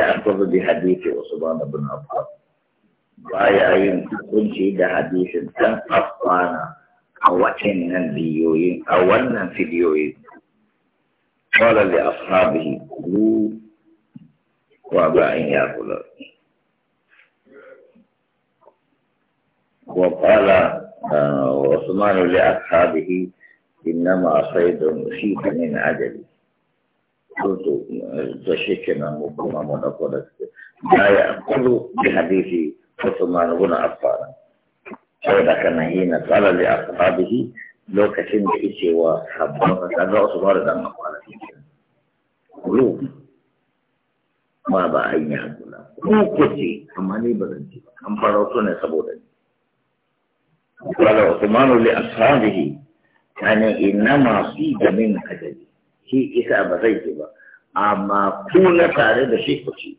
يحفظ بحديث عثمان بن عفان ويا ين كنشي ده حديث كان عفان وكان أو اولا في اليوم قال لاصحابه قلو وابا ان ياكلوا وقال عثمان لاصحابه انما صيد مصيب من عجلي tutu da shi ke nan mubin amma da kodaske da ya kudu bi hadisi wasu mana guna afara sau da kana yi na tsara da akwabihi lokacin da ice wa sabon kasar wasu da dama kwana cikin ma ba a yi hankula ko kuce amma ba zan ci ba an fara wasu ne saboda ni kwallo wasu mana li kane ina masu yi da min kajali shi isa ba zai ci ba amma ku na tare da shi ku ci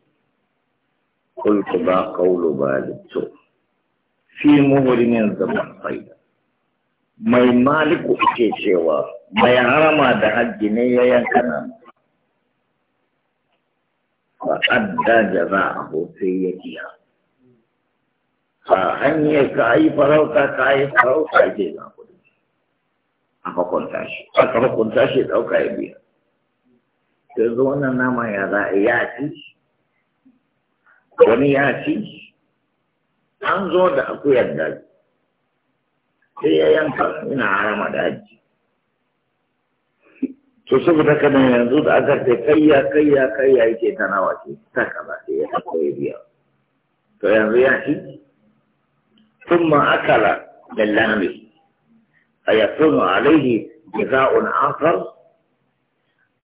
kultu ba kaulu ba littu fi muhurimin zaman faida mai maliku ke cewa mai harama da hajji ne ya yanka nan fa adda a hoto ya kiya a hanyar ka yi farauta ka yi farauta ke na kudi A hukunta shi aka hukunta shi ɗauka ya biya yanzu wannan nama ya za a ya ci wani ya ci an zo da akuyar daji sai ya yanka ina harama daji to saboda kana yanzu da aka ce kayya kayya kayya yake ta nawa ce ta kaza sai ya tafi ya biya to yanzu ya ci ma akala billami ayakunu alaihi jaza'un asar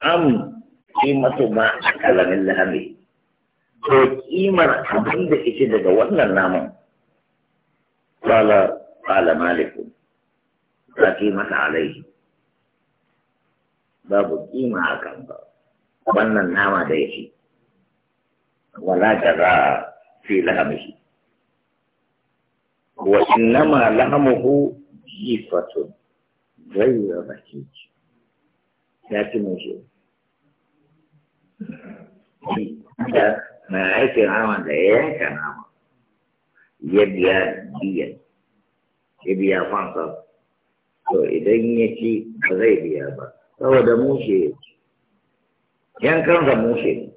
am kimatu ma akala min lahami to kimar abin da yake daga wannan naman qala qala malik la kimata alaihi babu kima akan ba wannan nama da yake wala jaza fi lahamihi wa innama lahamuhu jifatun ghayra bakij ya ci mai shi da mai aikin hawan da ya yanka nama ya biya biyan ya biya fansa to idan ya ci ba zai biya ba saboda mushe yankan mushe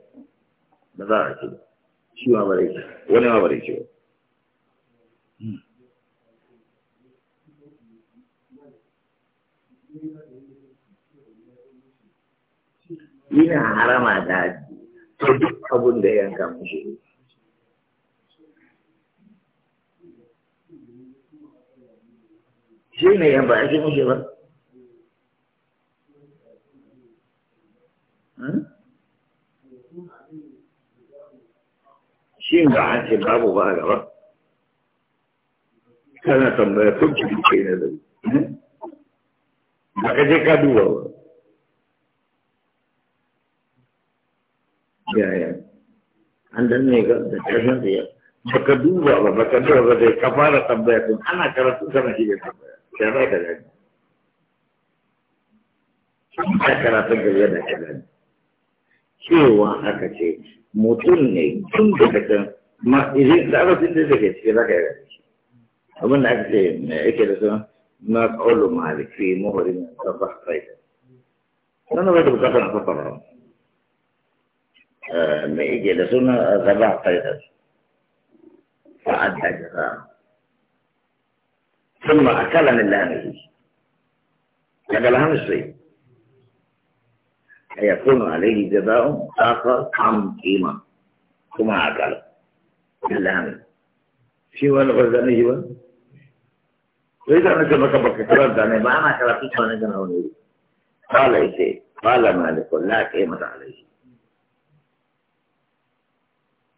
ba za a ci shi ma ba zai ci ba Ina harama da haji to duk abin da yanka mushi shi ne yan ba ake mushi ba hmm? shi ba a ce babu ba gaba kana tambaya kun ci ke na zai ba ka je ka duba ba yaya an dan ne ga da ƙarfin da ya baka duba ba baka duba ba dai ka fara tambaya tun ana karatu kana shi ga tambaya sai za ka gani ta karatun da yadda ka gani cewa haka ce mutum ne tun da kaka ma idan tsarafin da zai ciki za ka yi gani abin da aka ce me yake da suna na ƙaunar malik fi muhurin da ba sai sannan ba ta bukatar a fassara يجلسون سبع da فأدى جزاء ثم أكل من لحمه هذا الهم الصيد فيكون عليه جزاء آخر عن قيمة ثم أكل من لحمه شو أنا غزاني شو وإذا أنا كما كبر دعني ما أنا كلا في شوانا هوني قال إيه قال مالك لا قيمة عليه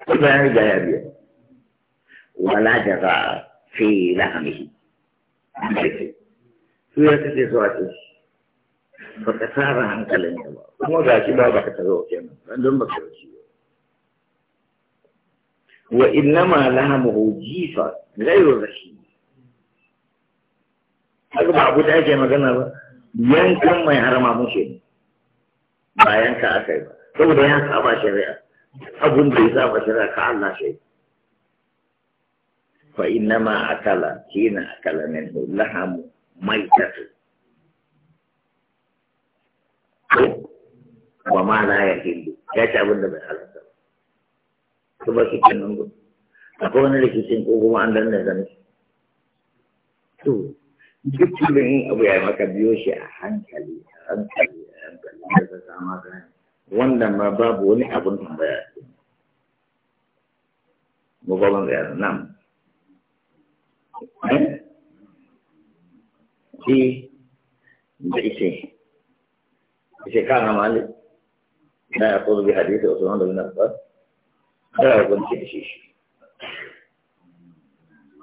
kuma ya biyu. Wala da wala a fi lahamihi su ya kace zuwa ce, ba ka tsara hankalin ba kuma ga shi ba ba ka tsaro kenan dan don ba ka yi wa innama lahamuhu jifa ghayru zakiy haka ba abu da ake magana ba yankan mai harama mushe ne ba yanka aka yi ba saboda yanka ba shari'a abun da ya saba shirya ka Allah shai. fa innama akala hina akala minhu lahamu maitatu wa ma la yahillu ya ci abin da bai halatta su ba su cin nan akwai wani rikicin ko kuma an danna zane to duk kullum abu ya maka biyo shi a hankali a hankali a hankali da ta sama gani wannan ma babu wani abin tambaya mu ba ban gaya nan eh shi da ishe ka kana mali da ya kudu bi hadisi usman bin affan da ya kudu da shi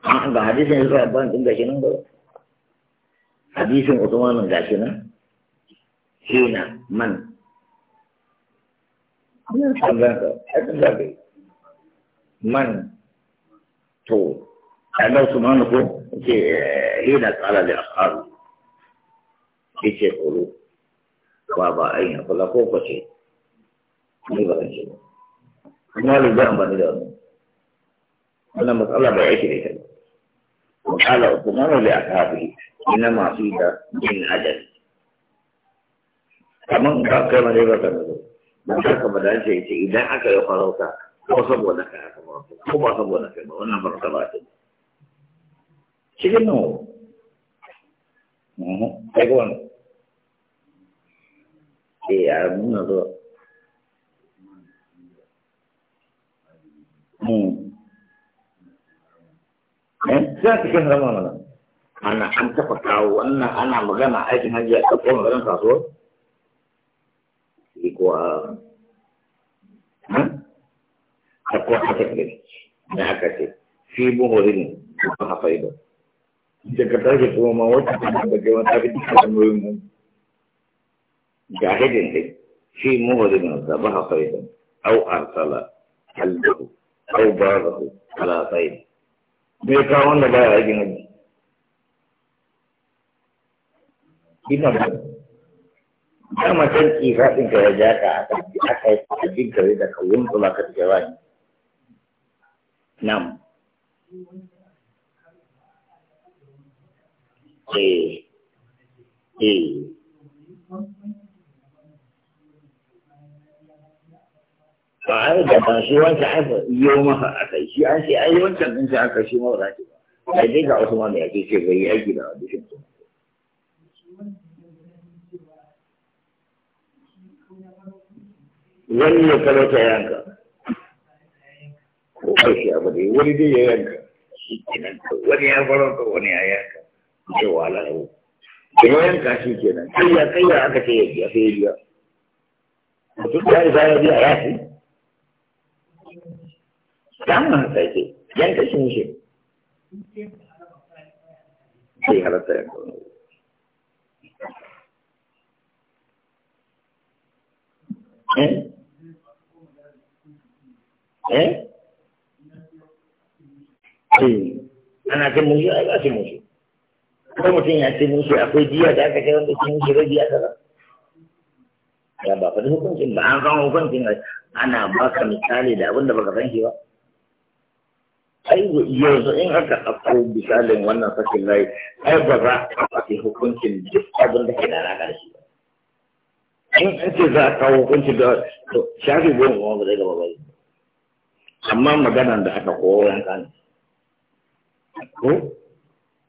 ah, ga hadisin zuwa ban din gashi nan ba hadisin usman gashi nan shi na man من تو الله سبحانه وتعالى هنا قال لأصحابه yace tsoro ba ba a yin kula ko kwace ni ba kan shi ba kuma da zai amfani da wani wannan matsala ba yake da ita ba matsala hukumar da aka ina da kamar ka kai ma ba ka don haka ba da ce idan aka yi farauta ko saboda kai aka farauta ko ba saboda kai ba wannan farauta ba ce cikin nawa kai ga wani eh a nuna zuwa hmm. eh, za ta kan rama mana ana an tafa kawo wannan ana magana aikin hajji a ɗauko maganar kasuwa kuwa akwai haka ne da aka ce fi buhurin ba hafa ido daga tashi kuma ma wata kuma da gaba ta fi duka da nuyin mu jahidin dai fi buhurin da ba hafa ido au arsala halbuhu au barahu ala tsayin me ka wanda baya aikin hajji ina da da macen kifafin ga ya ja ka aka yi aka yi sabbin gari da ka wuntula ka ta wani nam eh eh ba a yi gaban shi wancan aka yi masa aka yi shi an sai yi wancan ɗin shi aka shi mawara ce ba a dai ga wasu ma mai ake ce bai yi aiki da wani shi wani ya ta yanka ko shi abu dai wani dai ya yanka shi kenan wani ya farauta wani ya yanka ce wala ne da ya yanka shi kenan kayya kayya aka ce ya biya sai ya biya mutum ya isa ya biya ya fi samun hasa ce yanka shi ne sai halatta yanka wani ana cin mushi ai ba cin mushi kuma mutum ya cin mushi akwai jiya da aka kai wanda cin mushi bai jiya kaza ya ba fa hukuncin ba an san hukuncin ana baka misali da abin da baka san shi ba ai yanzu in aka ɗauko misalin wannan sakin rai ai ba za a faɗi hukuncin duk abin da ke da alaƙa da shi ba in an ce za a kawo hukuncin da to shafi goma kuma ba zai gaba ba amma maganan da aka koyan kan ko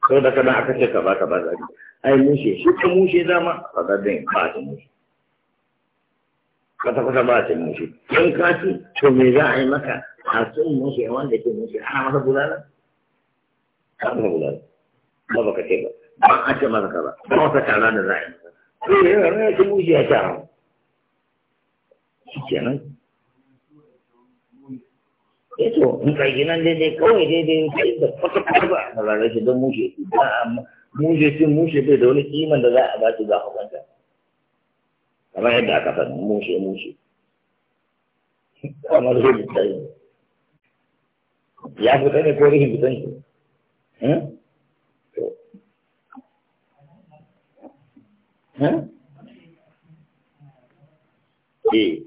sau da kadan aka ce ka kaza kaza ai mushe shi ka mushe dama kaza din ba ta mushe kata kata ba ta mushe in ka ci to me za a yi maka a sun mushe wanda ke mushe ana masa bulala ana masa bulala ba ba ka ce ba ba a ce masa kaza ba wata kaza da za a yi masa ko ya yi mushe ya ce a kenan Eh, Itu kainan dia dia kawai dia dia da kwata kwata ba a rarra shi don mushe. Mushe shi mushe bai da wani kiman da za a ba shi za a kwanta. Kamar yadda aka san mushe mushe. Kamar zai da tsayi. Ya fita ne ko rihin fitan shi. Hmm? Hmm? Eh.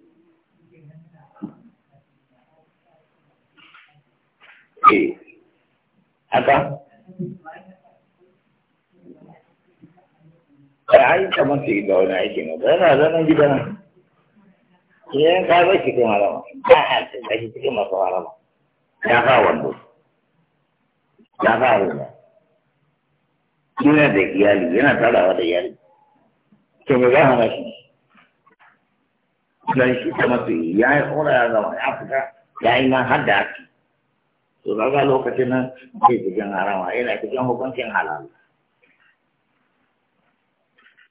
Aka eh, haka ai kamar su ga wani aiki ne ba yana zanen gida nan idan ka bai cikin harama ba a cikin cikin masu harama ya fa wando ya fa wando yana da iyali yana tarawa da iyali to me za hana shi dan shi ta ya yi hora ya zama ya fita ya yi ma har da ake to kaga lokacin nan bai cikin harama yana cikin hukuncin halal